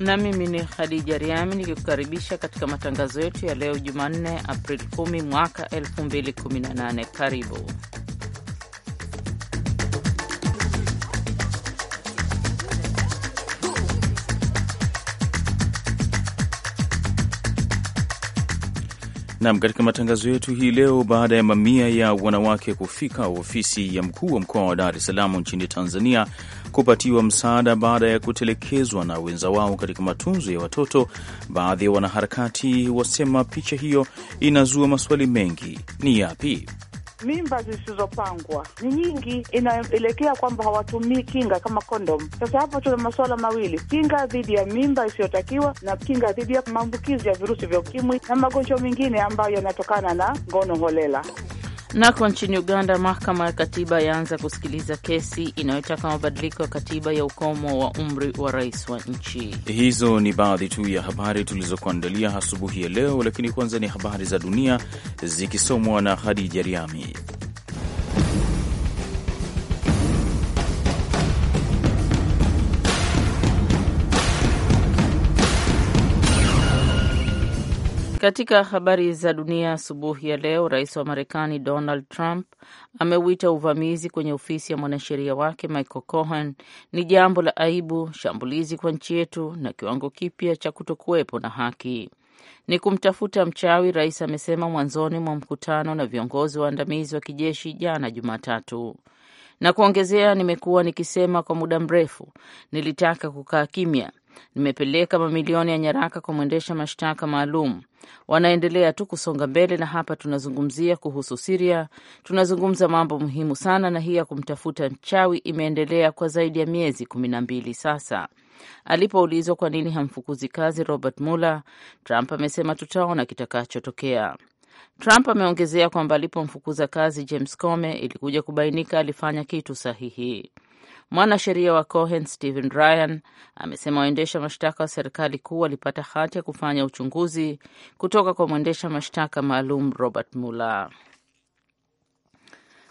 na mimi ni Khadija Riami nikikukaribisha katika matangazo yetu ya leo Jumanne, Aprili 10 mwaka 2018. Karibu Nam, katika matangazo yetu hii leo, baada ya mamia ya wanawake kufika ofisi ya mkuu wa mkoa wa Dar es Salaam nchini Tanzania kupatiwa msaada baada ya kutelekezwa na wenza wao katika matunzo ya watoto, baadhi ya wanaharakati wasema picha hiyo inazua maswali mengi. Ni yapi? mimba zisizopangwa ni nyingi, inaelekea kwamba hawatumii kinga kama kondom. Sasa hapo tuna masuala mawili, kinga dhidi ya mimba isiyotakiwa na kinga dhidi ya maambukizi ya virusi vya ukimwi na magonjwa mengine ambayo yanatokana na ngono holela. Nako nchini Uganda, mahakama ya katiba yaanza kusikiliza kesi inayotaka mabadiliko ya katiba ya ukomo wa umri wa rais wa nchi. Hizo ni baadhi tu ya habari tulizokuandalia asubuhi ya leo, lakini kwanza ni habari za dunia zikisomwa na Hadija Riami. Katika habari za dunia asubuhi ya leo, rais wa Marekani Donald Trump ameuita uvamizi kwenye ofisi ya mwanasheria wake Michael Cohen ni jambo la aibu, shambulizi kwa nchi yetu na kiwango kipya cha kutokuwepo na haki ni kumtafuta mchawi, rais amesema mwanzoni mwa mkutano na viongozi waandamizi wa kijeshi jana Jumatatu, na kuongezea, nimekuwa nikisema kwa muda mrefu, nilitaka kukaa kimya. Nimepeleka mamilioni ya nyaraka kwa mwendesha mashtaka maalum wanaendelea tu kusonga mbele, na hapa tunazungumzia kuhusu Siria, tunazungumza mambo muhimu sana, na hii ya kumtafuta mchawi imeendelea kwa zaidi ya miezi kumi na mbili sasa. Alipoulizwa kwa nini hamfukuzi kazi Robert Mueller, Trump amesema tutaona kitakachotokea. Trump ameongezea kwamba alipomfukuza kazi James Comey ilikuja kubainika alifanya kitu sahihi. Mwanasheria wa Cohen Stephen Ryan amesema waendesha mashtaka wa serikali kuu walipata hati ya kufanya uchunguzi kutoka kwa mwendesha mashtaka maalum Robert Mueller.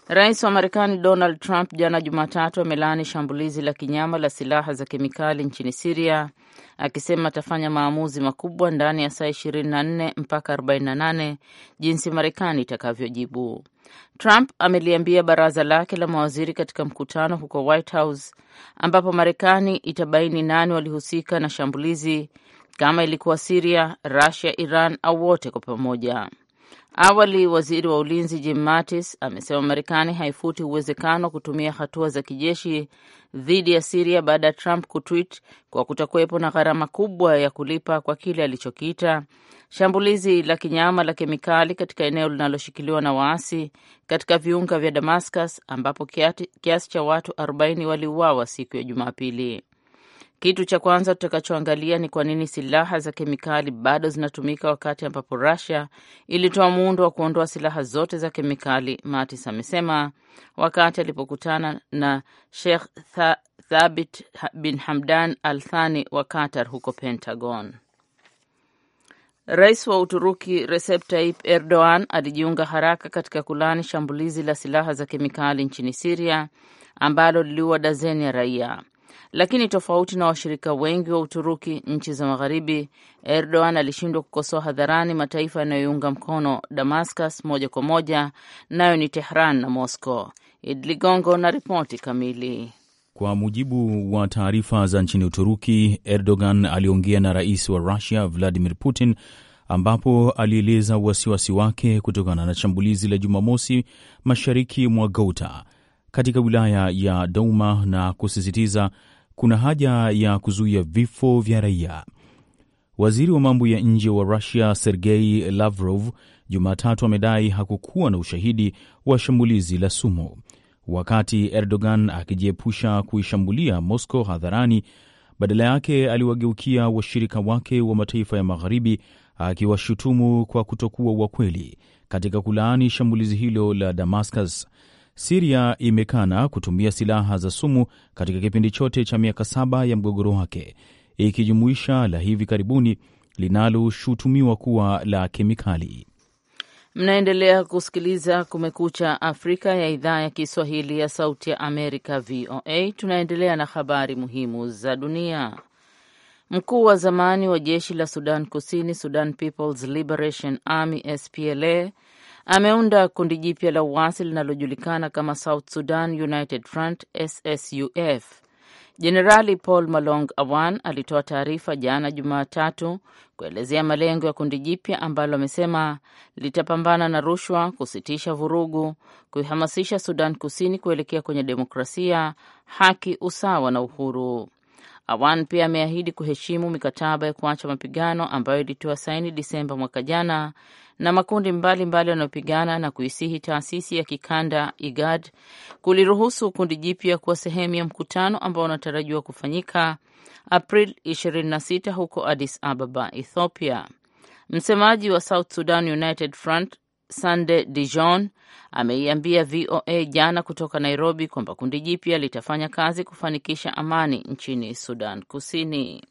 Rais wa Marekani Donald Trump jana Jumatatu amelaani shambulizi la kinyama la silaha za kemikali nchini Siria, akisema atafanya maamuzi makubwa ndani ya saa 24 mpaka 48 jinsi Marekani itakavyojibu. Trump ameliambia baraza lake la mawaziri katika mkutano huko White House, ambapo Marekani itabaini nani walihusika na shambulizi, kama ilikuwa Siria, Rusia, Iran au wote kwa pamoja. Awali waziri wa ulinzi Jim Mattis amesema Marekani haifuti uwezekano wa kutumia hatua za kijeshi dhidi ya Siria baada ya Trump kutwit kwa kutakuwepo na gharama kubwa ya kulipa kwa kile alichokiita shambulizi la kinyama la kemikali katika eneo linaloshikiliwa na waasi katika viunga vya Damascus ambapo kiasi cha watu 40 waliuawa siku ya Jumapili. Kitu cha kwanza tutakachoangalia ni kwa nini silaha za kemikali bado zinatumika wakati ambapo rasia ilitoa muundo wa kuondoa silaha zote za kemikali, Mattis amesema wakati alipokutana na Sheikh Thabit bin Hamdan Al Thani wa Qatar huko Pentagon. Rais wa Uturuki Recep Tayyip Erdogan alijiunga haraka katika kulani shambulizi la silaha za kemikali nchini Siria ambalo liliua dazeni ya raia. Lakini tofauti na washirika wengi wa Uturuki, nchi za Magharibi, Erdogan alishindwa kukosoa hadharani mataifa yanayoiunga mkono Damascus moja kwa moja, nayo ni Tehran na Moscow. Idi Ligongo na ripoti kamili. Kwa mujibu wa taarifa za nchini Uturuki, Erdogan aliongea na rais wa rusia Vladimir Putin ambapo alieleza wasiwasi wake kutokana na shambulizi la Jumamosi mashariki mwa Gouta katika wilaya ya Douma na kusisitiza kuna haja ya kuzuia vifo vya raia. Waziri wa mambo ya nje wa Rusia Sergei Lavrov Jumatatu amedai hakukuwa na ushahidi wa shambulizi la sumu, wakati Erdogan akijiepusha kuishambulia Moscow hadharani. Badala yake aliwageukia washirika wake wa mataifa ya Magharibi akiwashutumu kwa kutokuwa wakweli katika kulaani shambulizi hilo la Damascus Siria imekana kutumia silaha za sumu katika kipindi chote cha miaka saba ya mgogoro wake, ikijumuisha la hivi karibuni linaloshutumiwa kuwa la kemikali. Mnaendelea kusikiliza Kumekucha Afrika ya idhaa ya Kiswahili ya Sauti ya Amerika, VOA. Tunaendelea na habari muhimu za dunia. Mkuu wa zamani wa jeshi la Sudan Kusini, Sudan People's Liberation Army, SPLA, ameunda kundi jipya la uasi linalojulikana kama South Sudan United Front SSUF. Jenerali Paul Malong Awan alitoa taarifa jana Jumatatu kuelezea malengo ya kundi jipya ambalo amesema litapambana na rushwa, kusitisha vurugu, kuihamasisha Sudan Kusini kuelekea kwenye demokrasia, haki, usawa na uhuru. Awan pia ameahidi kuheshimu mikataba ya kuacha mapigano ambayo ilitoa saini Disemba mwaka jana na makundi mbalimbali yanayopigana mbali na kuisihi taasisi ya kikanda IGAD kuliruhusu kundi jipya kuwa sehemu ya mkutano ambao unatarajiwa kufanyika April 26 huko Addis Ababa, Ethiopia. Msemaji wa South Sudan United Front Sande Dijon ameiambia VOA jana kutoka Nairobi kwamba kundi jipya litafanya kazi kufanikisha amani nchini Sudan Kusini.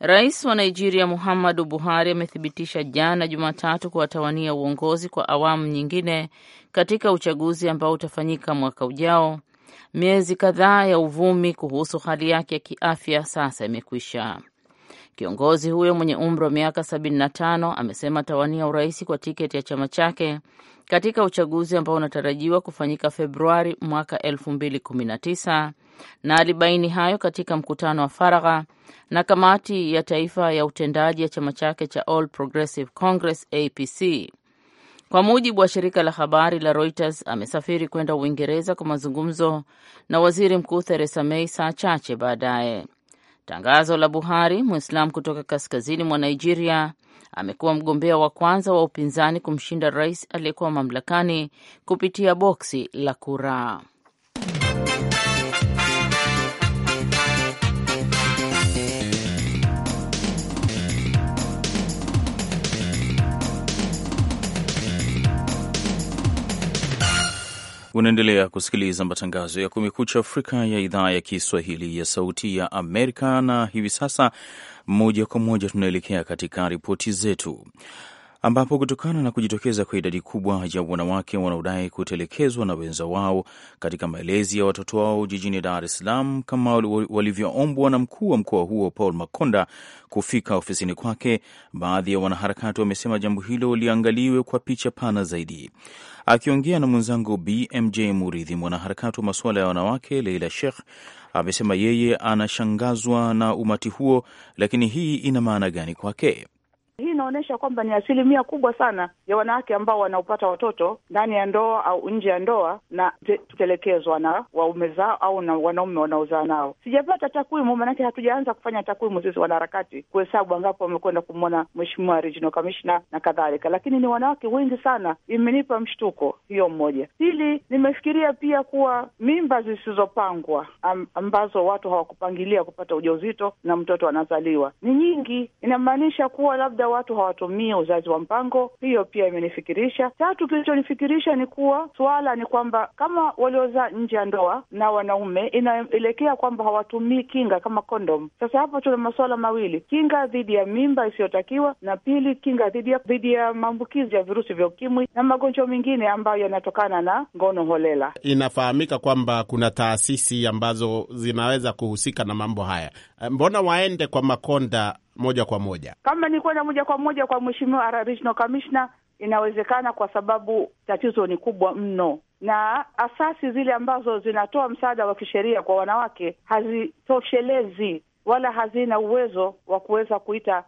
Rais wa Nigeria Muhammadu Buhari amethibitisha jana Jumatatu kuwatawania uongozi kwa awamu nyingine katika uchaguzi ambao utafanyika mwaka ujao. Miezi kadhaa ya uvumi kuhusu hali yake ya kiafya sasa imekwisha. Kiongozi huyo mwenye umri wa miaka 75 amesema atawania urais kwa tiketi ya chama chake katika uchaguzi ambao unatarajiwa kufanyika Februari mwaka 2019 na alibaini hayo katika mkutano wa faragha na kamati ya taifa ya utendaji ya chama chake cha All Progressive Congress APC. Kwa mujibu wa shirika la habari la Reuters, amesafiri kwenda Uingereza kwa mazungumzo na waziri mkuu Theresa May saa chache baadaye. Tangazo la Buhari, Mwislamu kutoka kaskazini mwa Nigeria, amekuwa mgombea wa kwanza wa upinzani kumshinda rais aliyekuwa mamlakani kupitia boksi la kura. Unaendelea kusikiliza matangazo ya Kumekucha Afrika ya idhaa ya Kiswahili ya Sauti ya Amerika, na hivi sasa moja kwa moja tunaelekea katika ripoti zetu ambapo kutokana na kujitokeza kwa idadi kubwa ya wanawake wanaodai kutelekezwa na wenza wao katika malezi ya watoto wao jijini Dar es Salaam, kama walivyoombwa na mkuu wa mkoa huo Paul Makonda kufika ofisini kwake, baadhi ya wanaharakati wamesema jambo hilo liangaliwe kwa picha pana zaidi. Akiongea na mwenzangu BMJ Muridhi, mwanaharakati wa masuala ya wanawake Leila Sheikh amesema yeye anashangazwa na umati huo, lakini hii ina maana gani kwake? Hii inaonyesha kwamba ni asilimia kubwa sana ya wanawake ambao wanaopata watoto ndani ya ndoa au nje ya ndoa na kutelekezwa na waume zao au na wanaume wanaozaa nao. Sijapata takwimu, maanake hatujaanza kufanya takwimu sisi wanaharakati kuhesabu angapo wamekwenda kumwona mheshimiwa regional commissioner na kadhalika, lakini ni wanawake wengi sana. Imenipa mshtuko hiyo mmoja. Pili, nimefikiria pia kuwa mimba zisizopangwa am, ambazo watu hawakupangilia kupata ujauzito na mtoto anazaliwa ni nyingi, inamaanisha kuwa labda kawaida watu hawatumii uzazi wa mpango. Hiyo pia imenifikirisha. Tatu, kilichonifikirisha ni kuwa suala ni kwamba kama waliozaa nje ya ndoa na wanaume, inaelekea kwamba hawatumii kinga kama kondom. Sasa hapo tuna masuala mawili, kinga dhidi ya mimba isiyotakiwa na pili, kinga dhidi ya maambukizi ya virusi vya ukimwi na magonjwa mengine ambayo yanatokana na ngono holela. Inafahamika kwamba kuna taasisi ambazo zinaweza kuhusika na mambo haya. Eh, mbona waende kwa makonda moja kwa moja? Kama ni kwenda moja kwa moja kwa mheshimiwa Regional Commissioner, inawezekana kwa sababu tatizo ni kubwa mno na asasi zile ambazo zinatoa msaada wa kisheria kwa wanawake hazitoshelezi wala hazina uwezo wa kuweza kuita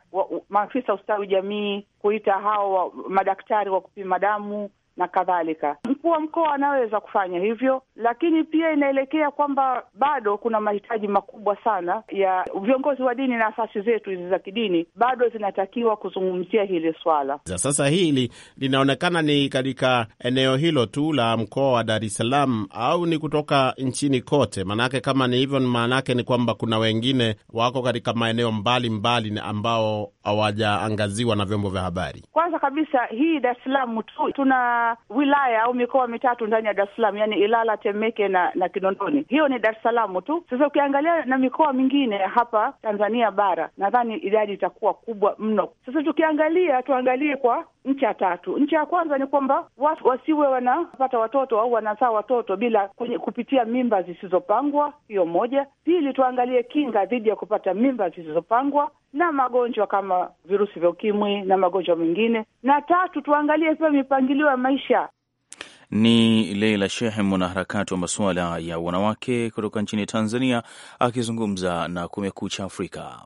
maafisa ustawi jamii, kuita hao madaktari wa kupima damu, na kadhalika. Mkuu wa mkoa anaweza kufanya hivyo, lakini pia inaelekea kwamba bado kuna mahitaji makubwa sana ya viongozi wa dini na asasi zetu hizi za kidini, bado zinatakiwa kuzungumzia hili swala. Sasa hili linaonekana ni katika eneo hilo tu la mkoa wa Dar es Salaam au ni kutoka nchini kote? Maanake kama ni hivyo, maanake ni kwamba kuna wengine wako katika maeneo mbalimbali mbali ambao hawajaangaziwa na vyombo vya habari. Kwanza kabisa hii Dar es Salaam tu tuna wilaya au mikoa mitatu ndani ya Dar es Salaam, yani Ilala, Temeke na na Kinondoni. Hiyo ni Dar es Salaam tu. Sasa ukiangalia na mikoa mingine hapa Tanzania bara, nadhani idadi itakuwa kubwa mno. Sasa tukiangalia, tuangalie kwa nchi ya tatu. Nchi ya kwanza ni kwamba wasiwe wanapata watoto au wanazaa watoto bila kwenye kupitia mimba zisizopangwa. Hiyo moja. Pili, tuangalie kinga dhidi ya kupata mimba zisizopangwa na magonjwa kama virusi vya ukimwi na magonjwa mengine, na tatu, tuangalie pia mipangilio ya maisha. Ni Leila Shehe, mwanaharakati wa masuala ya wanawake kutoka nchini Tanzania, akizungumza na Kumekucha Afrika.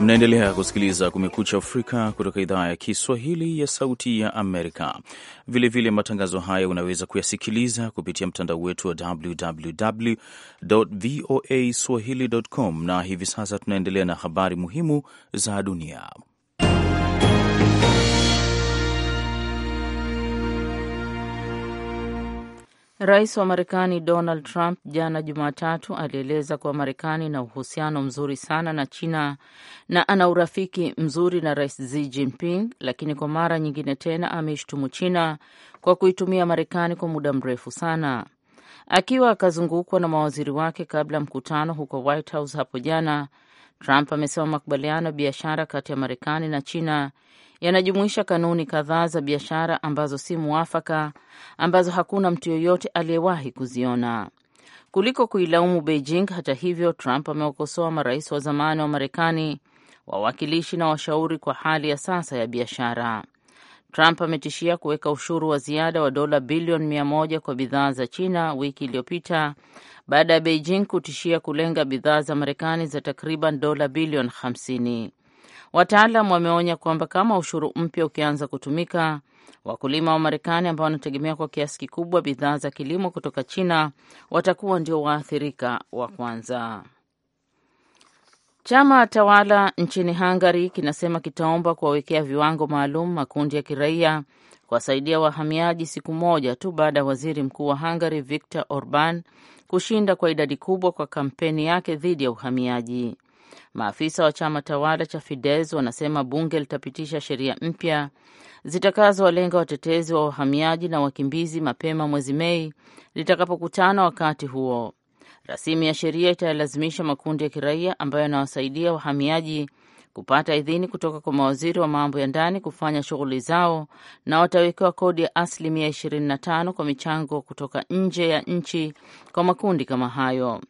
Mnaendelea kusikiliza Kumekucha Afrika kutoka idhaa ya Kiswahili ya Sauti ya Amerika. Vilevile vile matangazo haya unaweza kuyasikiliza kupitia mtandao wetu wa www voa swahili com, na hivi sasa tunaendelea na habari muhimu za dunia. Rais wa Marekani Donald Trump jana Jumatatu alieleza kuwa Marekani ina uhusiano mzuri sana na China na ana urafiki mzuri na Rais Xi Jinping, lakini kwa mara nyingine tena ameishtumu China kwa kuitumia Marekani kwa muda mrefu sana. Akiwa akazungukwa na mawaziri wake kabla mkutano huko White House hapo jana, Trump amesema makubaliano ya biashara kati ya Marekani na China yanajumuisha kanuni kadhaa za biashara ambazo si mwafaka ambazo hakuna mtu yoyote aliyewahi kuziona kuliko kuilaumu Beijing. Hata hivyo, Trump amewakosoa marais wa zamani wa Marekani, wawakilishi na washauri kwa hali ya sasa ya biashara. Trump ametishia kuweka ushuru wa ziada wa dola bilioni mia moja kwa bidhaa za China wiki iliyopita baada ya Beijing kutishia kulenga bidhaa za Marekani za takriban dola bilioni 50. Wataalam wameonya kwamba kama ushuru mpya ukianza kutumika, wakulima wa Marekani ambao wanategemea kwa kiasi kikubwa bidhaa za kilimo kutoka China watakuwa ndio waathirika wa kwanza. Chama tawala nchini Hungary kinasema kitaomba kuwawekea viwango maalum makundi ya kiraia kuwasaidia wahamiaji, siku moja tu baada ya waziri mkuu wa Hungary Viktor Orban kushinda kwa idadi kubwa kwa kampeni yake dhidi ya uhamiaji. Maafisa wa chama tawala cha Fidesz wanasema bunge litapitisha sheria mpya zitakazowalenga watetezi wa wahamiaji na wakimbizi mapema mwezi Mei litakapokutana. Wakati huo Rasimu ya sheria itayalazimisha makundi ya kiraia ambayo yanawasaidia wahamiaji kupata idhini kutoka kwa mawaziri wa mambo ya ndani kufanya shughuli zao, na watawekewa kodi ya asilimia 25 kwa michango kutoka nje ya nchi kwa makundi kama hayo.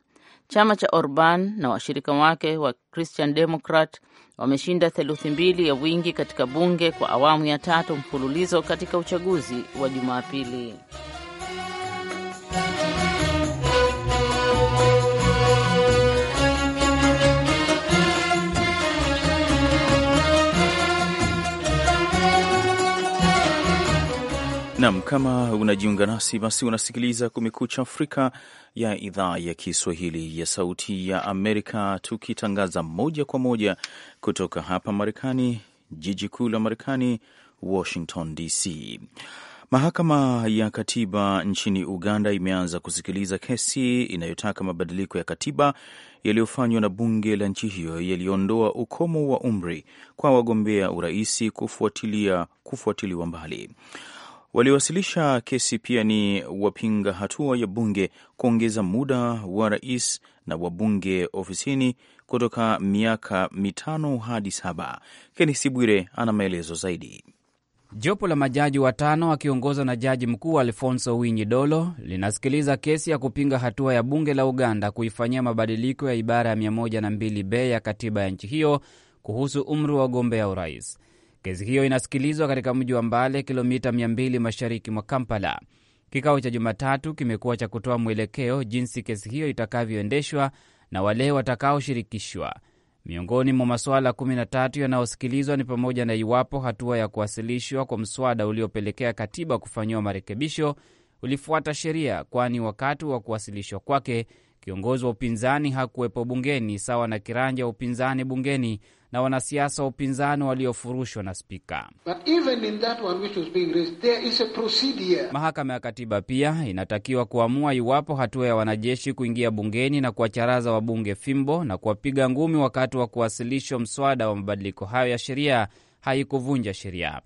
Chama cha Orban na washirika wake wa Christian Democrat wameshinda theluthi mbili ya wingi katika bunge kwa awamu ya tatu mfululizo katika uchaguzi wa Jumapili. Nam, kama unajiunga nasi basi unasikiliza Kumekucha Afrika ya idhaa ya Kiswahili ya Sauti ya Amerika, tukitangaza moja kwa moja kutoka hapa Marekani, jiji kuu la Marekani, Washington DC. Mahakama ya Katiba nchini Uganda imeanza kusikiliza kesi inayotaka mabadiliko ya katiba yaliyofanywa na bunge la nchi hiyo yaliyoondoa ukomo wa umri kwa wagombea uraisi kufuatiliwa mbali. Waliowasilisha kesi pia ni wapinga hatua ya bunge kuongeza muda wa rais na wabunge ofisini kutoka miaka mitano hadi saba. Kenisi Bwire ana maelezo zaidi. Jopo la majaji watano akiongozwa na jaji mkuu Alfonso Winyi Dolo linasikiliza kesi ya kupinga hatua ya bunge la Uganda kuifanyia mabadiliko ya ibara ya 102b ya katiba ya nchi hiyo kuhusu umri wa wagombea urais. Kesi hiyo inasikilizwa katika mji wa Mbale, kilomita 200 mashariki mwa Kampala. Kikao cha Jumatatu kimekuwa cha kutoa mwelekeo jinsi kesi hiyo itakavyoendeshwa na wale watakaoshirikishwa. Miongoni mwa masuala 13 yanayosikilizwa ni pamoja na iwapo hatua ya kuwasilishwa kwa mswada uliopelekea katiba kufanyiwa marekebisho ulifuata sheria, kwani wakati wa kuwasilishwa kwake Kiongozi wa upinzani hakuwepo bungeni, sawa na kiranja wa upinzani bungeni na wanasiasa wa upinzani waliofurushwa na spika. Mahakama ya Katiba pia inatakiwa kuamua iwapo hatua ya wanajeshi kuingia bungeni na kuwacharaza wabunge fimbo na kuwapiga ngumi wakati wa kuwasilishwa mswada wa mabadiliko hayo ya sheria haikuvunja sheria.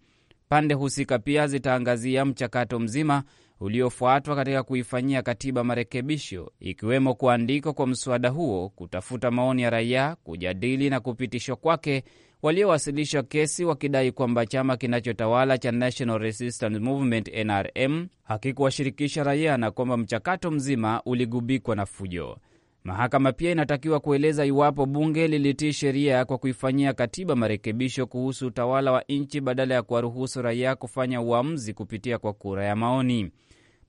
Pande husika pia zitaangazia mchakato mzima uliofuatwa katika kuifanyia katiba marekebisho, ikiwemo kuandikwa kwa mswada huo, kutafuta maoni ya raia, kujadili na kupitishwa kwake, waliowasilisha kesi wakidai kwamba chama kinachotawala cha National Resistance Movement NRM hakikuwashirikisha raia na kwamba mchakato mzima uligubikwa na fujo. Mahakama pia inatakiwa kueleza iwapo bunge lilitii sheria kwa kuifanyia katiba marekebisho kuhusu utawala wa nchi badala ya kuwaruhusu raia kufanya uamuzi kupitia kwa kura ya maoni.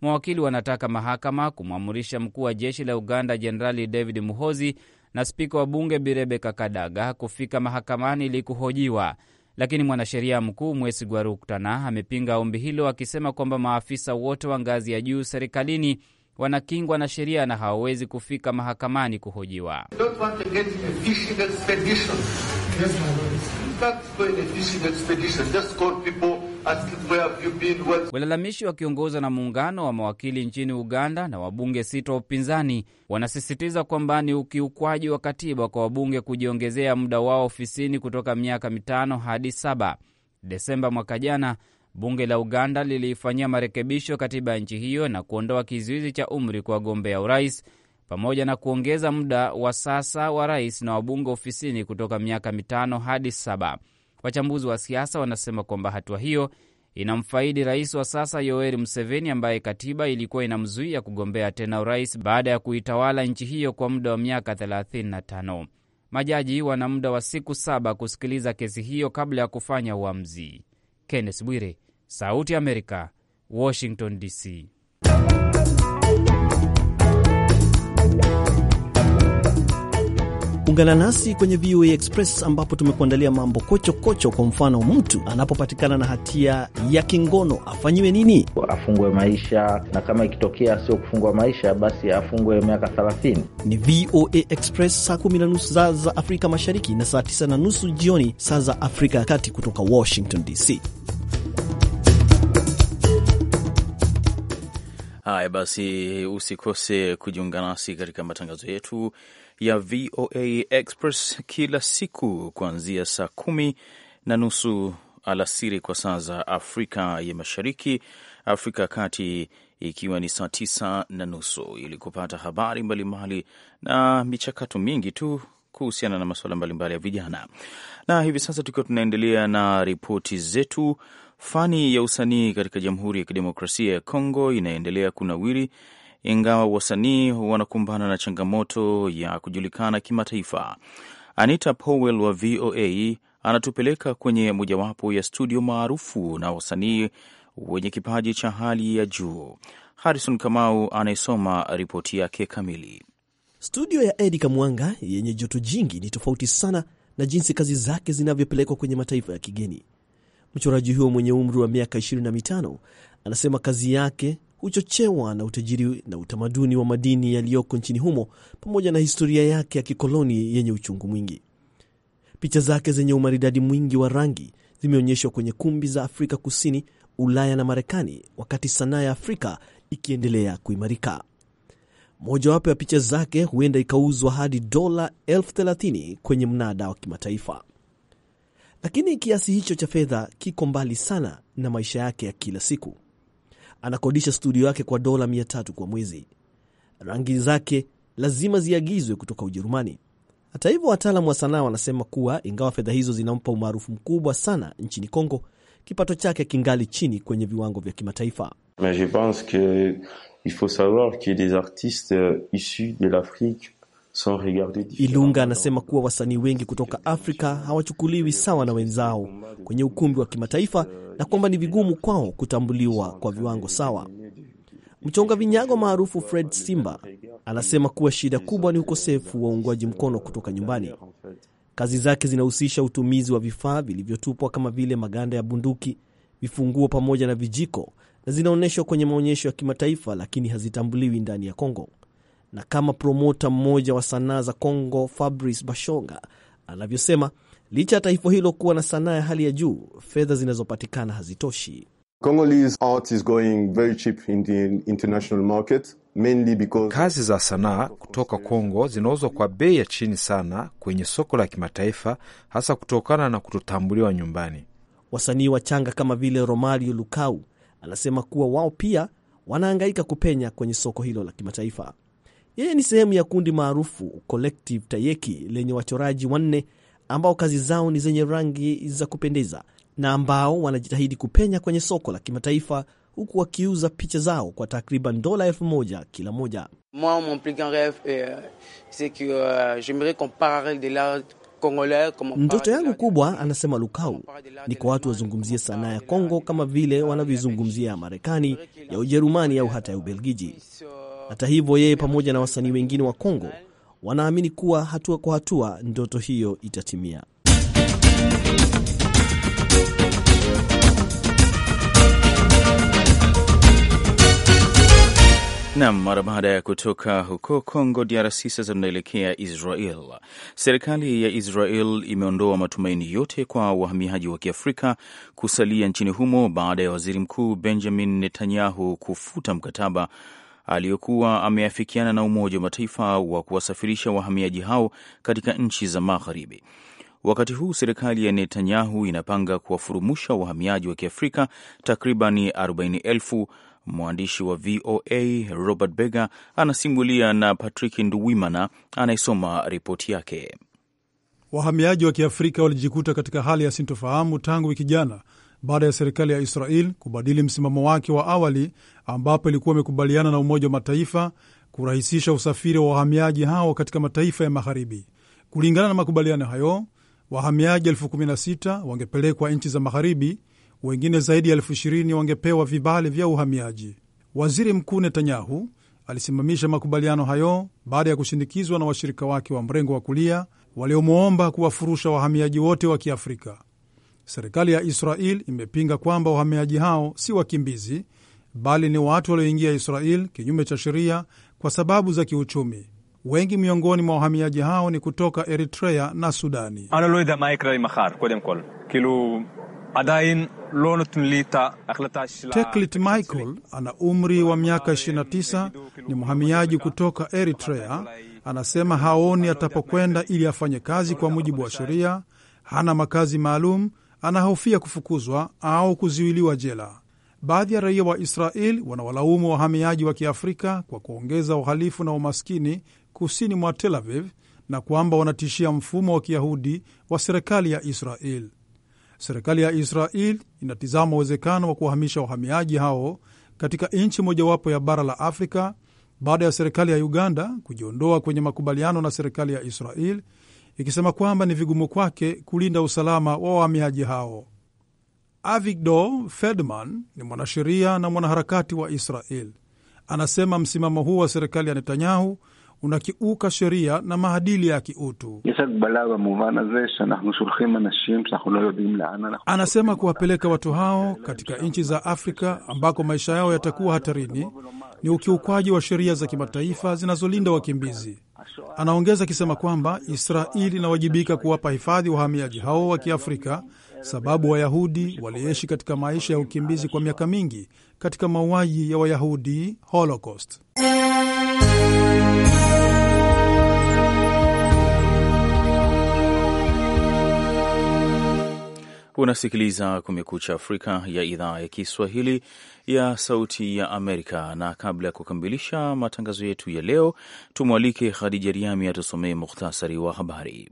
Mawakili wanataka mahakama kumwamurisha mkuu wa jeshi la Uganda Jenerali David Muhozi na spika wa bunge Bi Kadaga kufika mahakamani ili kuhojiwa, lakini mwanasheria mkuu Mwesigwa Rukutana amepinga ombi hilo akisema kwamba maafisa wote wa ngazi ya juu serikalini wanakingwa na sheria na hawawezi kufika mahakamani kuhojiwa. Yes, Walalamishi wakiongozwa na muungano wa mawakili nchini Uganda na wabunge sita wa upinzani wanasisitiza kwamba ni ukiukwaji wa katiba kwa wabunge kujiongezea muda wao ofisini kutoka miaka mitano hadi saba. Desemba mwaka jana bunge la Uganda liliifanyia marekebisho katiba ya nchi hiyo na kuondoa kizuizi cha umri kwa wagombea urais pamoja na kuongeza muda wa sasa wa rais na wabunge ofisini kutoka miaka mitano hadi saba. Wachambuzi wa siasa wanasema kwamba hatua hiyo inamfaidi rais wa sasa Yoweri Museveni ambaye katiba ilikuwa inamzuia kugombea tena urais baada ya kuitawala nchi hiyo kwa muda wa miaka 35. Majaji wana muda wa siku saba kusikiliza kesi hiyo kabla ya kufanya uamuzi. Kenneth Bwire, Sauti ya Amerika, Washington DC. Ungana nasi kwenye VOA Express ambapo tumekuandalia mambo kochokocho. Kwa mfano, mtu anapopatikana na hatia ya kingono afanyiwe nini? Afungwe maisha, na kama ikitokea sio kufungwa maisha, basi afungwe miaka 30. Ni VOA Express, saa kumi na nusu saa za Afrika Mashariki na saa tisa na nusu jioni saa za Afrika ya Kati, kutoka Washington DC. Haya basi, usikose kujiunga nasi katika matangazo yetu ya VOA Express kila siku kuanzia saa kumi na nusu alasiri kwa saa za Afrika ya Mashariki, Afrika ya Kati ikiwa ni saa tisa na nusu ili kupata habari mbalimbali na michakato mingi tu kuhusiana na masuala mbalimbali ya vijana. Na hivi sasa tukiwa tunaendelea na ripoti zetu, fani ya usanii katika Jamhuri ya Kidemokrasia ya Kongo inaendelea kunawiri ingawa wasanii wanakumbana na changamoto ya kujulikana kimataifa. Anita Powell wa VOA anatupeleka kwenye mojawapo ya studio maarufu na wasanii wenye kipaji cha hali ya juu. Harrison Kamau anayesoma ripoti yake kamili. Studio ya Edi Kamwanga yenye joto jingi ni tofauti sana na jinsi kazi zake zinavyopelekwa kwenye mataifa ya kigeni. Mchoraji huyo mwenye umri wa miaka 25 anasema kazi yake huchochewa na utajiri na utamaduni wa madini yaliyoko nchini humo pamoja na historia yake ya kikoloni yenye uchungu mwingi. Picha zake zenye umaridadi mwingi wa rangi zimeonyeshwa kwenye kumbi za Afrika Kusini, Ulaya na Marekani, wakati sanaa ya Afrika ikiendelea kuimarika. Mojawapo ya picha zake huenda ikauzwa hadi dola elfu thelathini kwenye mnada wa kimataifa, lakini kiasi hicho cha fedha kiko mbali sana na maisha yake ya kila siku. Anakodisha studio yake kwa dola 300 kwa mwezi. Rangi zake lazima ziagizwe kutoka Ujerumani. Hata hivyo, wataalamu wa sanaa wanasema kuwa ingawa fedha hizo zinampa umaarufu mkubwa sana nchini Kongo, kipato chake kingali chini kwenye viwango vya kimataifa. Mais je pense que il faut savoir que des artistes euh, issus de l'Afrique Ilunga anasema kuwa wasanii wengi kutoka Afrika hawachukuliwi sawa na wenzao kwenye ukumbi wa kimataifa na kwamba ni vigumu kwao kutambuliwa kwa viwango sawa. Mchonga vinyago maarufu Fred Simba anasema kuwa shida kubwa ni ukosefu wa uungwaji mkono kutoka nyumbani. Kazi zake zinahusisha utumizi wa vifaa vilivyotupwa kama vile maganda ya bunduki, vifunguo pamoja na vijiko, na zinaonyeshwa kwenye maonyesho ya kimataifa, lakini hazitambuliwi ndani ya Kongo na kama promota mmoja wa sanaa za Kongo Fabrice Bashonga anavyosema, licha ya taifa hilo kuwa na sanaa ya hali ya juu, fedha zinazopatikana hazitoshi. Congolese art is going very cheap in the international market. Because... kazi za sanaa kutoka Kongo zinauzwa kwa bei ya chini sana kwenye soko la kimataifa, hasa kutokana na kutotambuliwa nyumbani. Wasanii wachanga kama vile Romario Lukau anasema kuwa wao pia wanaangaika kupenya kwenye soko hilo la kimataifa. Yeye ni sehemu ya kundi maarufu Collective Tayeki lenye wachoraji wanne ambao kazi zao ni zenye rangi za kupendeza na ambao wanajitahidi kupenya kwenye soko la kimataifa huku wakiuza picha zao kwa takriban dola elfu moja kila moja. Ndoto yangu kubwa, anasema Lukau, ni kwa watu wazungumzie sanaa ya Kongo kama vile wanavyozungumzia ya Marekani, ya Ujerumani au hata ya Ubelgiji. Euh, hata hivyo, yeye pamoja na wasanii wengine wa Kongo wanaamini kuwa hatua kwa hatua ndoto hiyo itatimia. Nam, mara baada ya kutoka huko Congo DRC, sasa tunaelekea Israel. Serikali ya Israel imeondoa matumaini yote kwa wahamiaji wa kiafrika kusalia nchini humo baada ya waziri mkuu Benjamin Netanyahu kufuta mkataba aliyokuwa ameafikiana na Umoja wa Mataifa wa kuwasafirisha wahamiaji hao katika nchi za Magharibi. Wakati huu serikali ya Netanyahu inapanga kuwafurumusha wahamiaji wa Kiafrika takribani 40,000. Mwandishi wa VOA Robert Berger anasimulia na Patrick Nduwimana anayesoma ripoti yake. Wahamiaji wa Kiafrika walijikuta katika hali ya sintofahamu tangu wiki jana baada ya serikali ya Israel kubadili msimamo wake wa awali ambapo ilikuwa imekubaliana na Umoja wa Mataifa kurahisisha usafiri wa wahamiaji hao katika mataifa ya magharibi. Kulingana na makubaliano hayo, wahamiaji elfu kumi na sita wangepelekwa nchi za magharibi, wengine zaidi ya elfu ishirini wangepewa vibali vya uhamiaji. Waziri Mkuu Netanyahu alisimamisha makubaliano hayo baada ya kushinikizwa na washirika wake wa mrengo wa kulia waliomwomba kuwafurusha wahamiaji wote wa Kiafrika. Serikali ya Israel imepinga kwamba wahamiaji hao si wakimbizi, bali ni watu walioingia Israel kinyume cha sheria kwa sababu za kiuchumi. Wengi miongoni mwa wahamiaji hao ni kutoka Eritrea na Sudani. Teklit Michael ana umri wa miaka 29, ni mhamiaji kutoka Eritrea. Anasema haoni atapokwenda ili afanye kazi kwa mujibu wa sheria. Hana makazi maalum anahofia kufukuzwa au kuziwiliwa jela. Baadhi ya raia wa Israel wanawalaumu wahamiaji wa Kiafrika kwa kuongeza uhalifu na umaskini kusini mwa Tel Aviv na kwamba wanatishia mfumo wa Kiyahudi wa serikali ya Israel. Serikali ya Israel inatizama uwezekano wa kuwahamisha wahamiaji hao katika nchi mojawapo ya bara la Afrika baada ya serikali ya Uganda kujiondoa kwenye makubaliano na serikali ya Israel ikisema kwamba ni vigumu kwake kulinda usalama wa wahamiaji hao. Avigdor Feldman ni mwanasheria na mwanaharakati wa Israel. Anasema msimamo huu wa serikali ya Netanyahu unakiuka sheria na maadili ya kiutu. Anasema kuwapeleka watu hao katika nchi za Afrika ambako maisha yao yatakuwa hatarini ni ukiukwaji wa sheria za kimataifa zinazolinda wakimbizi. Anaongeza akisema kwamba Israeli inawajibika kuwapa hifadhi wahamiaji hao wa Kiafrika sababu Wayahudi waliishi katika maisha ya ukimbizi kwa miaka mingi katika mauaji ya Wayahudi, Holocaust. Unasikiliza Kumekucha Afrika ya idhaa ya Kiswahili ya Sauti ya Amerika, na kabla ya kukamilisha matangazo yetu ya leo, tumwalike Khadija Riami atusomee muhtasari wa habari.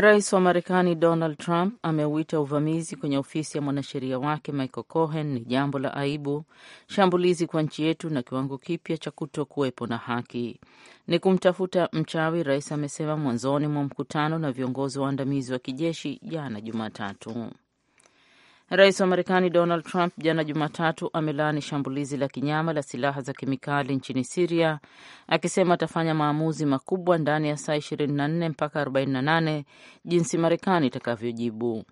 Rais wa Marekani Donald Trump ameuita uvamizi kwenye ofisi ya mwanasheria wake Michael Cohen ni jambo la aibu, shambulizi kwa nchi yetu na kiwango kipya cha kuto kuwepo na haki, ni kumtafuta mchawi, rais amesema mwanzoni mwa mkutano na viongozi waandamizi wa kijeshi jana Jumatatu. Rais wa Marekani Donald Trump jana Jumatatu amelaani shambulizi la kinyama la silaha za kemikali nchini Siria, akisema atafanya maamuzi makubwa ndani ya saa 24 mpaka 48 jinsi Marekani itakavyojibu.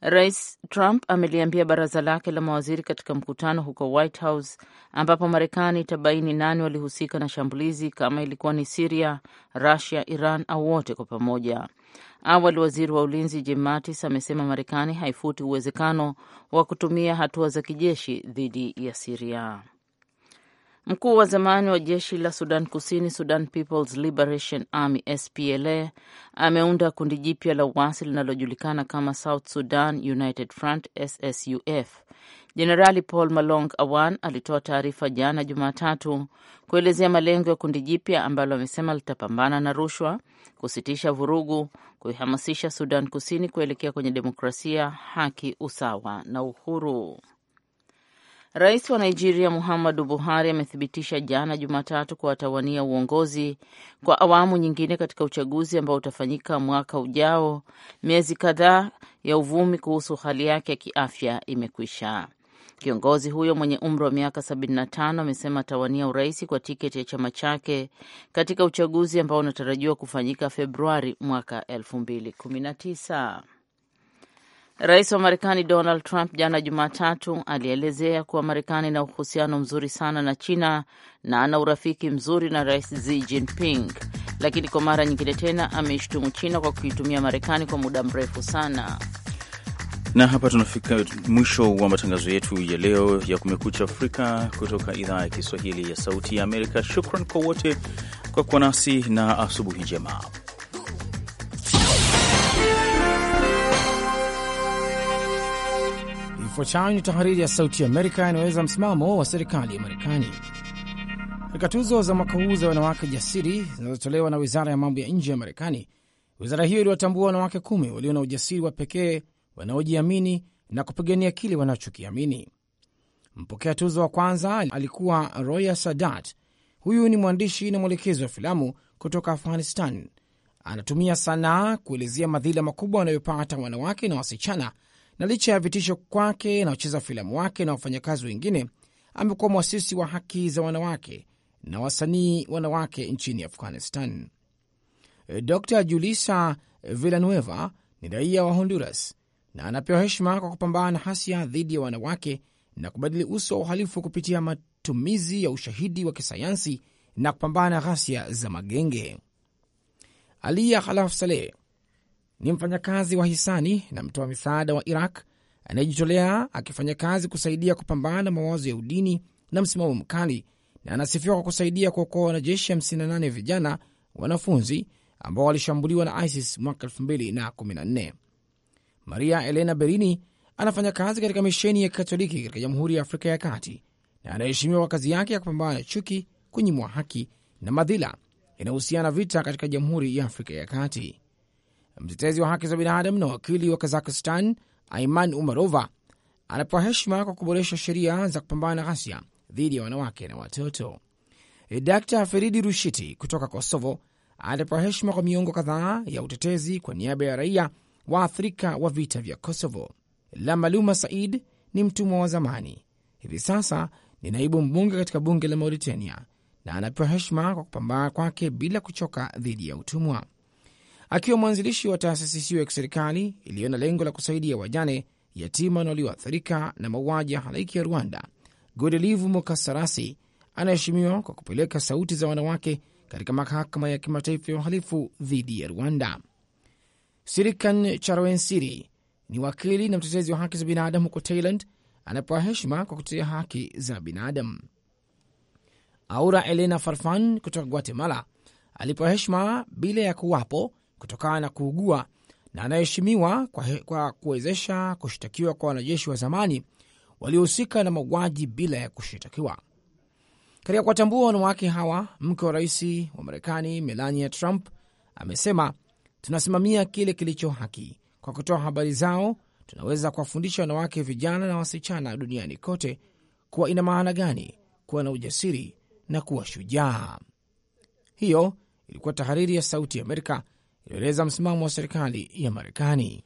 Rais Trump ameliambia baraza lake la mawaziri katika mkutano huko White House, ambapo Marekani itabaini nani walihusika na shambulizi, kama ilikuwa ni Siria, Rusia, Iran au wote kwa pamoja. Awali waziri wa ulinzi Jim Mattis amesema Marekani haifuti uwezekano wa kutumia hatua za kijeshi dhidi ya Siria. Mkuu wa zamani wa jeshi la Sudan Kusini, Sudan People's Liberation Army SPLA, ameunda kundi jipya la uasi linalojulikana kama South Sudan United Front SSUF. Jenerali Paul Malong Awan alitoa taarifa jana Jumatatu kuelezea malengo ya kundi jipya ambalo amesema litapambana na rushwa, kusitisha vurugu, kuihamasisha Sudan Kusini kuelekea kwenye demokrasia, haki, usawa na uhuru. Rais wa Nigeria Muhammadu Buhari amethibitisha jana Jumatatu kwa watawania uongozi kwa awamu nyingine katika uchaguzi ambao utafanyika mwaka ujao. Miezi kadhaa ya uvumi kuhusu hali yake ya kiafya imekwisha. Kiongozi huyo mwenye umri wa miaka 75 amesema atawania urais kwa tiketi ya chama chake katika uchaguzi ambao unatarajiwa kufanyika Februari mwaka 2019. Rais wa Marekani Donald Trump jana Jumatatu alielezea kuwa Marekani ina uhusiano mzuri sana na China na ana urafiki mzuri na Rais Xi Jinping, lakini kwa mara nyingine tena ameishtumu China kwa kuitumia Marekani kwa muda mrefu sana. Na hapa tunafika mwisho wa matangazo yetu ya leo ya Kumekucha Afrika kutoka idhaa ya Kiswahili ya Sauti ya Amerika. Shukran kwa wote kwa kuwa nasi na asubuhi njema. Ifuatayo ni tahariri ya Sauti Amerika inayoweza msimamo wa serikali ya Marekani. Katika tuzo za mwaka huu za wanawake jasiri zinazotolewa na wizara ya mambo ya nje ya Marekani, wizara hiyo iliwatambua wanawake kumi walio na ujasiri wa pekee wanaojiamini na kupigania kile wanachokiamini. Mpokea tuzo wa kwanza alikuwa Roya Sadat. Huyu ni mwandishi na mwelekezi wa filamu kutoka Afghanistan. Anatumia sanaa kuelezea madhila makubwa wanayopata wanawake na wasichana na licha ya vitisho kwake na wacheza filamu wake na wafanyakazi wengine, amekuwa mwasisi wa haki za wanawake na wasanii wanawake nchini Afghanistan. Dr Julisa Villanueva ni raia wa Honduras na anapewa heshima kwa kupambana na hasia dhidi ya wanawake na kubadili uso wa uhalifu kupitia matumizi ya ushahidi wa kisayansi na kupambana na ghasia za magenge. Aliya Khalaf Saleh ni mfanyakazi wa hisani na mtoa misaada wa Iraq anayejitolea akifanya kazi kusaidia kupambana na mawazo ya udini na msimamo mkali, na anasifiwa kwa kusaidia kuokoa wanajeshi 58 vijana wanafunzi ambao walishambuliwa na ISIS mwaka 2014. Maria Elena Berini anafanya kazi katika misheni ya Katoliki katika Jamhuri ya Afrika ya Kati na anaheshimiwa kwa kazi yake ya kupambana na chuki, kunyimwa haki na madhila yanayohusiana vita katika Jamhuri ya Afrika ya Kati. Mtetezi wa haki za binadamu na wakili wa Kazakistan Aiman Umarova anapewa heshima kwa kuboresha sheria za kupambana na ghasia dhidi ya wanawake na watoto. E, Dr Feridi Rushiti kutoka Kosovo anapewa heshima kwa miongo kadhaa ya utetezi kwa niaba ya raia waathirika wa vita vya Kosovo. Lamaluma Said ni mtumwa wa zamani, hivi sasa ni naibu mbunge katika bunge la Mauritania na anapewa heshima kwa kupambana kwake bila kuchoka dhidi ya utumwa akiwa mwanzilishi wa taasisi hiyo ya kiserikali iliyo na lengo la kusaidia wajane, yatima na walioathirika na mauaji ya halaiki ya Rwanda. Godelivu Mukasarasi anaheshimiwa kwa kupeleka sauti za wanawake katika mahakama ya kimataifa ya uhalifu dhidi ya Rwanda. Sirikan Charwensiri ni wakili na mtetezi wa haki za binadamu huko Thailand, anapewa heshima kwa kutetea haki za binadamu. Aura Elena Farfan kutoka Guatemala alipewa heshima bila ya kuwapo kutokana na kuugua na anaheshimiwa kwa, kwa kuwezesha kushtakiwa kwa wanajeshi wa zamani waliohusika na mauaji bila ya kushitakiwa. Katika kuwatambua wanawake hawa, mke wa rais wa Marekani Melania Trump amesema, tunasimamia kile kilicho haki kwa kutoa habari zao. Tunaweza kuwafundisha wanawake, vijana na wasichana duniani kote kuwa ina maana gani kuwa na ujasiri na kuwa shujaa. Hiyo ilikuwa tahariri ya Sauti ya Amerika inaeleza msimamo wa serikali ya Marekani.